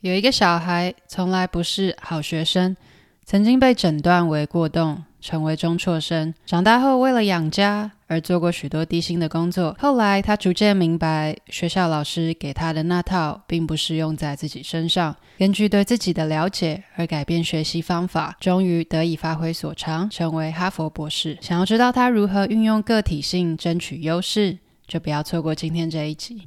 有一個小孩，從來不是好學生，曾經被診斷為過動，成為中輟生。長大後，為了養家而做過許多低薪的工作。後來，他逐漸明白，學校老師給他的那套，並不適用在自己身上。根據對自己的了解而改變學習方法，終於得以發揮所長，成為哈佛博士。想要知道他如何運用個體性爭取優勢，就不要錯過今天這一集。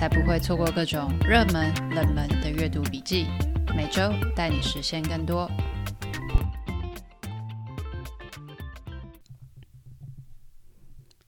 才不會錯過各種熱門、冷門的閱讀筆記，每周帶你實現更多。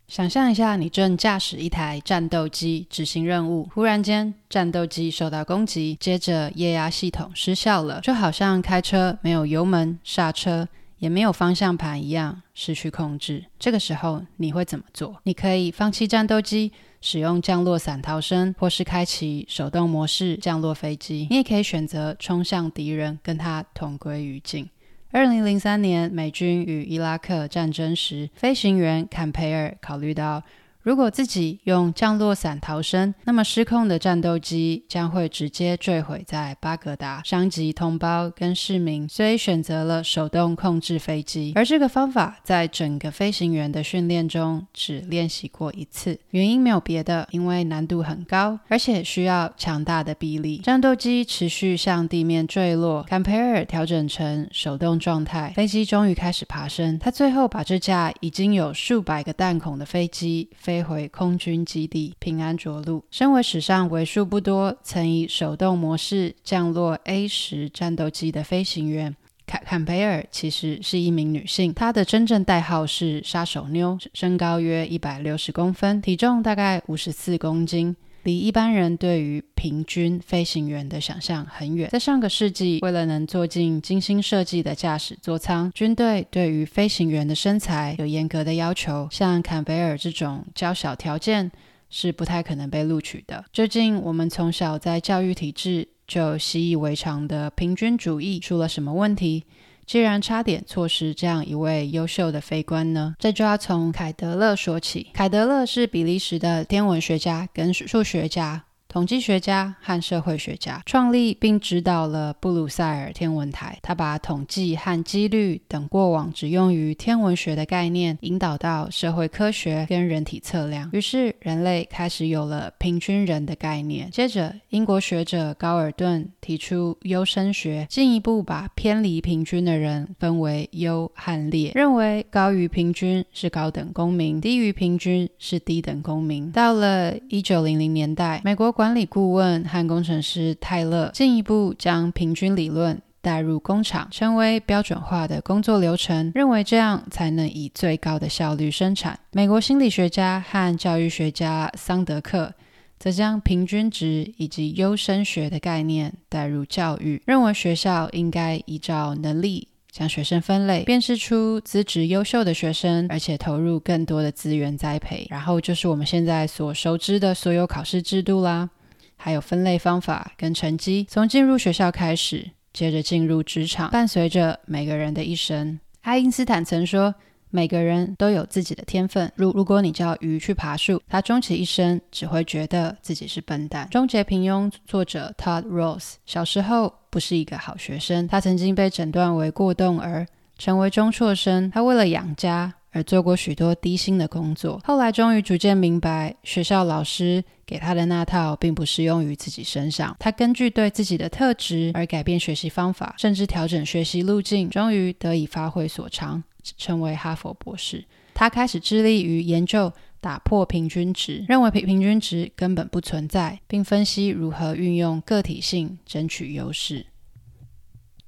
想象一下，你正駕駛一台戰鬥機執行任務，忽然間戰鬥機受到攻擊，接着液壓系統失效了，就好像開車沒有油門、剎車。也沒有方向盤一樣失去控制，這個時候你會怎麼做？你可以放棄戰鬥機，使用降落傘逃生，或是開啟手動模式降落飛機。你也可以選擇衝向敵人，跟他同歸於盡。二零零三年，美軍與伊拉克戰爭時，飛行員坎培爾考慮到。如果自己用降落傘逃生，那麼失控的戰鬥機將會直接墜毀在巴格達，傷及同胞跟市民。所以選擇了手動控制飛機，而這個方法在整個飛行員的訓練中只練習過一次。原因沒有別的，因為難度很高，而且需要強大的臂力。戰鬥機持續向地面墜落，坎佩爾調整成手動狀態，飛機終於開始爬升。他最後把這架已經有數百個彈孔的飛機飛。飛回空軍基地，平安着陸。身為史上為數不多曾以手動模式降落 A-10 戰鬥機的飛行員，坎貝爾其實是一名女性，她的真正代號是“殺手妞”，身高約一百六十公分，體重大概五十四公斤。離一般人對於平均飛行員的想象很遠。在上個世紀，為了能坐進精心設計的駕駛座艙，軍隊對於飛行員的身材有嚴格的要求。像坎貝爾這種嬌小條件是不太可能被錄取的。究竟我們從小在教育體制就習以為常的平均主義出了什麼問題？既然差點錯失這樣一位優秀的飛官呢？這就要從凱德勒說起。凱德勒是比利時的天文學家跟數學家，統計學家和社會學家創立並指導了布魯塞爾天文台。他把統計和幾率等過往只用於天文學的概念，引導到社會科學跟人體測量。於是人類開始有了平均人的概念。接着，英國學者高爾頓提出優生學，進一步把偏離平均的人分為優和劣，認為高於平均是高等公民，低於平均是低等公民。到了一九零零年代，美國國。管理顧問和工程師，泰勒進一步將平均理論帶入工廠，成為標準化的工作流程，認為這樣才能以最高的效率生產。美國心理學家和教育學家桑德克則將平均值以及優生學的概念帶入教育，認為學校應該依照能力。將學生分類，辨識出資質優秀的學生，而且投入更多的資源栽培。然後就是我們現在所熟知的所有考試制度啦，還有分類方法跟成績。從進入學校開始，接着進入職場，伴隨着每個人的一生。愛因斯坦曾說，每個人都有自己的天分。如如果你叫魚去爬樹，他終其一生只會覺得自己是笨蛋。終結平庸，作者 Todd Rose。小時候不是一個好學生，他曾經被診斷為過動兒，成為中輟生。他為了養家而做過許多低薪的工作。後來終於逐漸明白，學校老師給他的那套並不適用於自己身上。他根據對自己的特質而改變學習方法，甚至調整學習路徑，終於得以發揮所長。成為哈佛博士，他開始致力於研究打破平均值，認為平均值根本不存在，並分析如何運用個體性爭取優勢。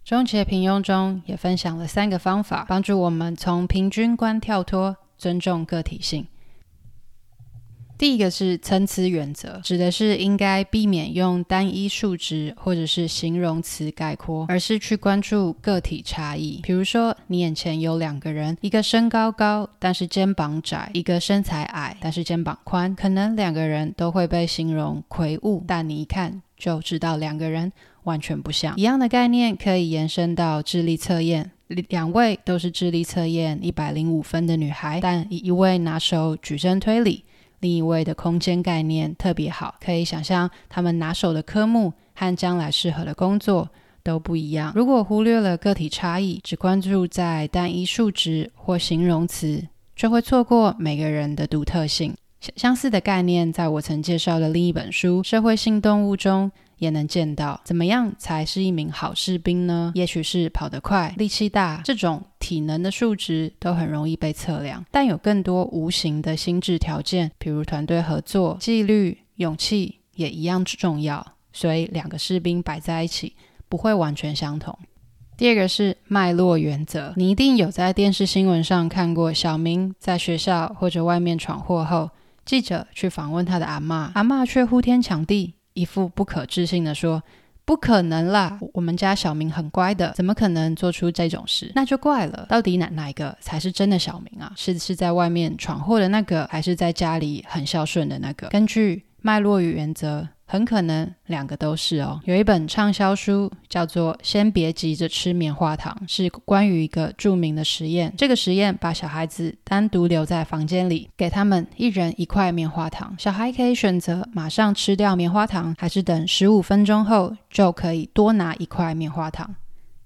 終結平庸中也分享了三個方法，幫助我們從平均觀跳脫，尊重個體性。第一個是參差原則，指的是應該避免用單一數值或者是形容詞概括，而是去關注個體差異。比如說，你眼前有兩個人，一個身高高但是肩膀窄，一個身材矮但是肩膀寬，可能兩個人都會被形容魁梧，但你一看就知道兩個人完全不像。一樣的概念可以延伸到智力測驗，兩位都是智力測驗一百零五分的女孩，但一位拿手矩陣推理。另一位的空間概念特別好，可以想象他們拿手的科目和將來適合的工作都不一樣。如果忽略了個體差異，只關注在單一數值或形容詞，就會錯過每個人的獨特性。相似的概念在我曾介紹的另一本書《社會性動物》中。也能見到，怎麼樣才是一名好士兵呢？也許是跑得快、力氣大，這種體能的數值都很容易被測量。但有更多無形的心智條件，比如團隊合作、紀律、勇氣，也一樣重要。所以兩個士兵擺在一起，不會完全相同。第二個是脈絡原則，你一定有在電視新聞上看過，小明在學校或者外面闖禍後，記者去訪問他的阿嬤，阿嬤卻呼天搶地。一副不可置信的說：“不可能啦，我們家小明很乖的，怎麼可能做出這種事？那就怪了，到底哪哪一個才是真的小明啊？是是在外面闖禍的那個，還是在家裡很孝順的那個？”根據脈絡與原則。很可能兩個都是哦。有一本暢銷書叫做《先別急着吃棉花糖》，是關於一個著名的實驗。這個實驗把小孩子單獨留在房間裡，給他們一人一塊棉花糖。小孩可以選擇馬上吃掉棉花糖，還是等十五分鐘後就可以多拿一塊棉花糖。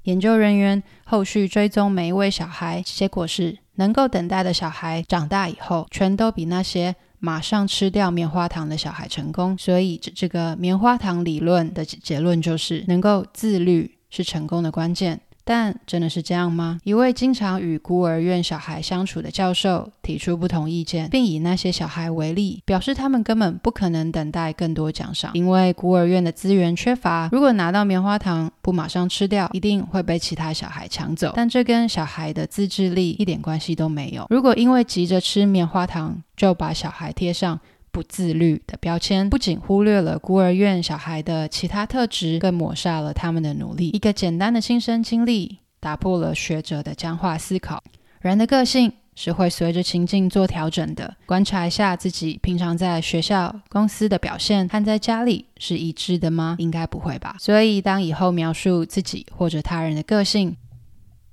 研究人員後續追蹤每一位小孩，結果是能夠等待的小孩長大以後，全都比那些馬上吃掉棉花糖的小孩成功，所以這這個棉花糖理論的結論就是，能夠自律是成功的關鍵。但真的是這樣嗎？一位經常與孤兒院小孩相處的教授提出不同意見，並以那些小孩為例，表示他們根本不可能等待更多獎賞，因為孤兒院的資源缺乏。如果拿到棉花糖不馬上吃掉，一定會被其他小孩搶走。但這跟小孩的自制力一點關係都沒有。如果因為急着吃棉花糖就把小孩貼上不自律的標籤不僅忽略了孤兒院小孩的其他特質，更抹殺了他們的努力。一個簡單的親身經歷打破了學者的僵化思考。人的個性是會隨着情境做調整的。觀察一下自己平常在學校、公司的表現，和在家裡是一致的嗎？應該不會吧。所以，當以後描述自己或者他人的個性，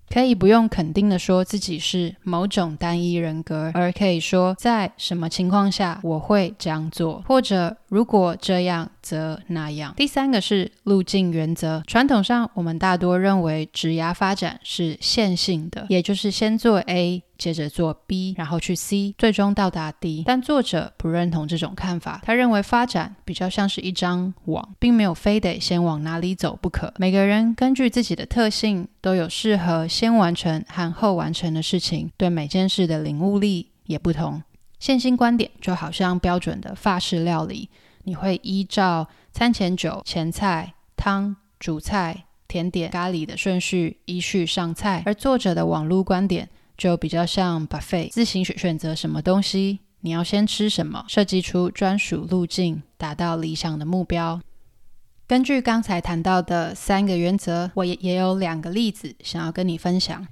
可以不用肯定的說自己是某種單一人格，而可以說在什麼情況下我會這樣做，或者如果這樣則那樣。第三個是路徑原則，傳統上我們大多認為職涯發展是線性的，也就是先做 A。接着做 B，然後去 C，最終到達 D。但作者不認同這種看法，他認為發展比較像是一張網，並沒有非得先往哪裡走不可。每個人根據自己的特性，都有適合先完成和後完成的事情，對每件事的領悟力也不同。線性觀點就好像標準的法式料理，你會依照餐前酒、前菜、湯、主菜、甜點、咖喱的順序依序上菜，而作者的網路觀點。就比較像 buffet，自行選選擇什麼東西，你要先吃什麼，設計出專屬路徑，達到理想的目標。根據剛才談到的三個原則，我也也有兩個例子想要跟你分享。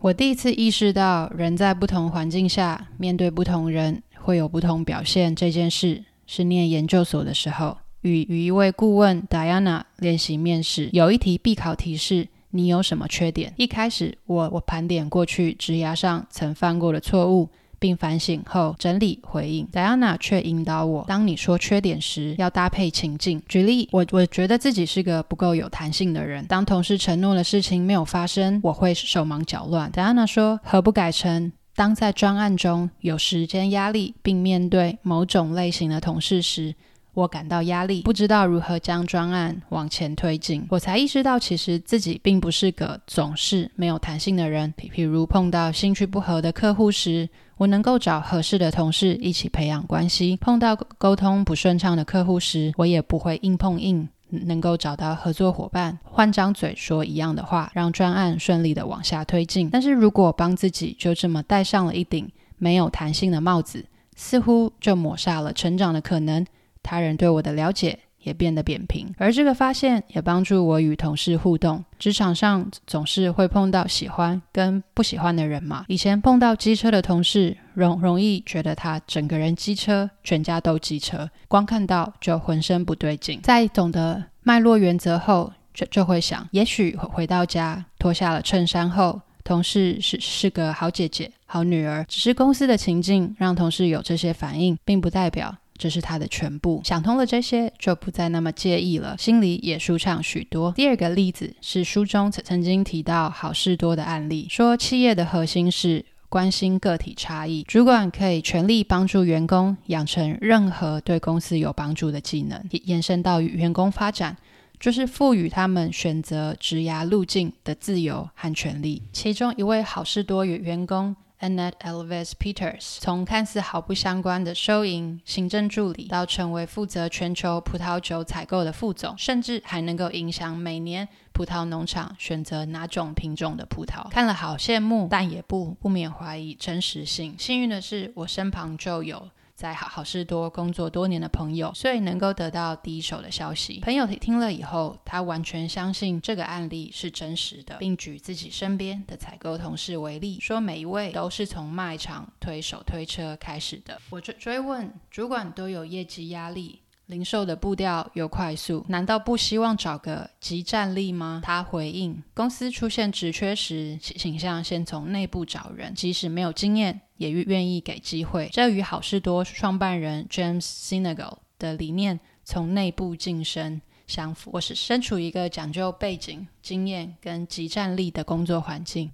我第一次意識到人在不同環境下面對不同人會有不同表現這件事，是念研究所的時候，與與一位顧問 Diana 練習面試，有一題必考題是。你有什麼缺點？一開始，我我盤點過去職涯上曾犯過的錯誤，並反省後整理回應。Diana 卻引導我：當你說缺點時，要搭配情境。舉例，我我覺得自己是個不夠有彈性的人。當同事承諾的事情沒有發生，我會手忙腳亂。Diana 說：何不改成當在專案中有時間壓力，並面對某種類型的同事時？我感到壓力，不知道如何將專案往前推進。我才意識到，其實自己並不是個總是沒有彈性的人。譬如碰到興趣不合的客戶時，我能夠找合適的同事一起培養關係；碰到溝通不順暢的客戶時，我也不會硬碰硬，能夠找到合作夥伴，換張嘴說一樣的話，讓專案順利的往下推進。但是如果幫自己就這麼戴上了一頂沒有彈性的帽子，似乎就抹殺了成長的可能。他人對我的了解也變得扁平，而這個發現也幫助我與同事互動。職場上總是會碰到喜歡跟不喜歡的人嘛。以前碰到機車的同事，容容易覺得他整個人機車，全家都機車，光看到就渾身不對勁。在懂得脈絡原則後，就就會想，也許回到家脫下了襯衫後，同事是是個好姐姐、好女兒，只是公司的情境讓同事有這些反應，並不代表。這是他的全部。想通了這些，就不再那麼介意了，心裡也舒暢許多。第二個例子是書中曾曾經提到好事多的案例，說企業的核心是關心個體差異，主管可以全力幫助員工養成任何對公司有幫助的技能，也延伸到與員工發展，就是賦予他們選擇職涯路徑的自由和權利。其中一位好事多與員工。Annette Elvis Peters 從看似毫不相關的收銀、行政助理，到成為負責全球葡萄酒採購的副總，甚至還能夠影響每年葡萄農場選擇哪種品種的葡萄，看了好羨慕，但也不不免懷疑真實性。幸運的是，我身旁就有。在好好市多工作多年的朋友，所以能夠得到第一手的消息。朋友聽了以後，他完全相信這個案例是真實的，並舉自己身邊的採購同事為例，說每一位都是從賣場推手推車開始的。我追追問，主管都有業績壓力，零售的步調又快速，難道不希望找個即戰力嗎？他回應，公司出現職缺時，傾向先從內部找人，即使沒有經驗也願意給機會，這與好事多創辦人 James Sinegal 的理念從內部晉升相符。我是身處一個講究背景、經驗跟即戰力的工作環境，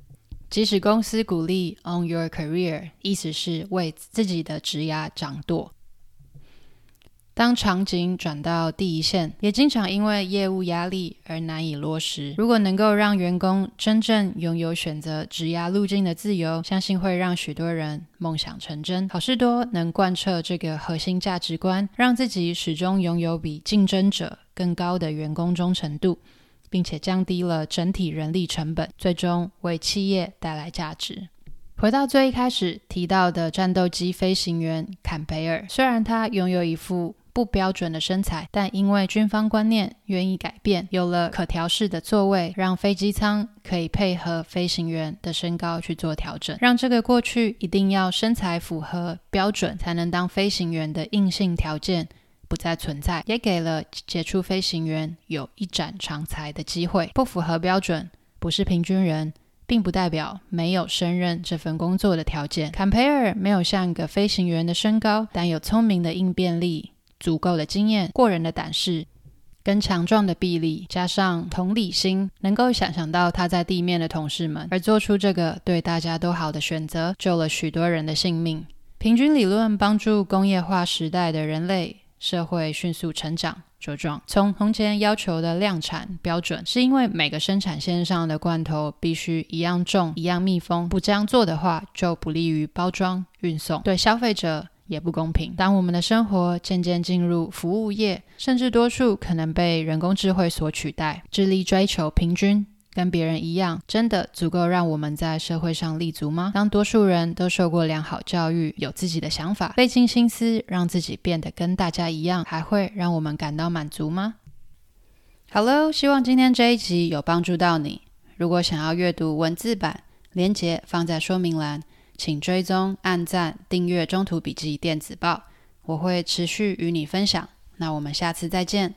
即使公司鼓勵 on your career，意思是為自己的職涯掌舵。當場景轉到第一線，也經常因為業務壓力而難以落實。如果能夠讓員工真正擁有選擇職涯路徑的自由，相信會讓許多人夢想成真。好事多能貫徹這個核心價值觀，讓自己始終擁有比競爭者更高的員工忠誠度，並且降低了整體人力成本，最終為企業帶來價值。回到最一開始提到的戰鬥機飛行員坎貝爾，雖然他擁有一副不標準的身材，但因為軍方觀念願意改變，有了可調式的座位，讓飛機艙可以配合飛行員的身高去做調整，讓這個過去一定要身材符合標準才能當飛行員的硬性條件不再存在，也給了傑出飛行員有一展長才的機會。不符合標準，不是平均人，并不代表沒有勝任這份工作的條件。坎培爾沒有像一個飛行員的身高，但有聰明的應變力。足夠的經驗、過人的膽識、跟強壯的臂力，加上同理心，能夠想象到他在地面的同事們，而做出這個對大家都好的選擇，救了許多人的性命。平均理論幫助工業化時代的人類社會迅速成長茁壯。從從前要求的量產標準，是因為每個生產線上的罐頭必須一樣重、一樣密封，不這樣做的話，就不利於包裝運送，對消費者。也不公平。當我們的生活漸漸進入服務業，甚至多數可能被人工智慧所取代，致力追求平均，跟別人一樣，真的足夠讓我們在社會上立足嗎？當多數人都受過良好教育，有自己的想法，費盡心思讓自己變得跟大家一樣，還會讓我們感到滿足嗎？Hello，希望今天這一集有幫助到你。如果想要閱讀文字版，連結放在說明欄。請追蹤、按贊、訂閱《中途筆記電子報》，我會持續與你分享。那我們下次再見。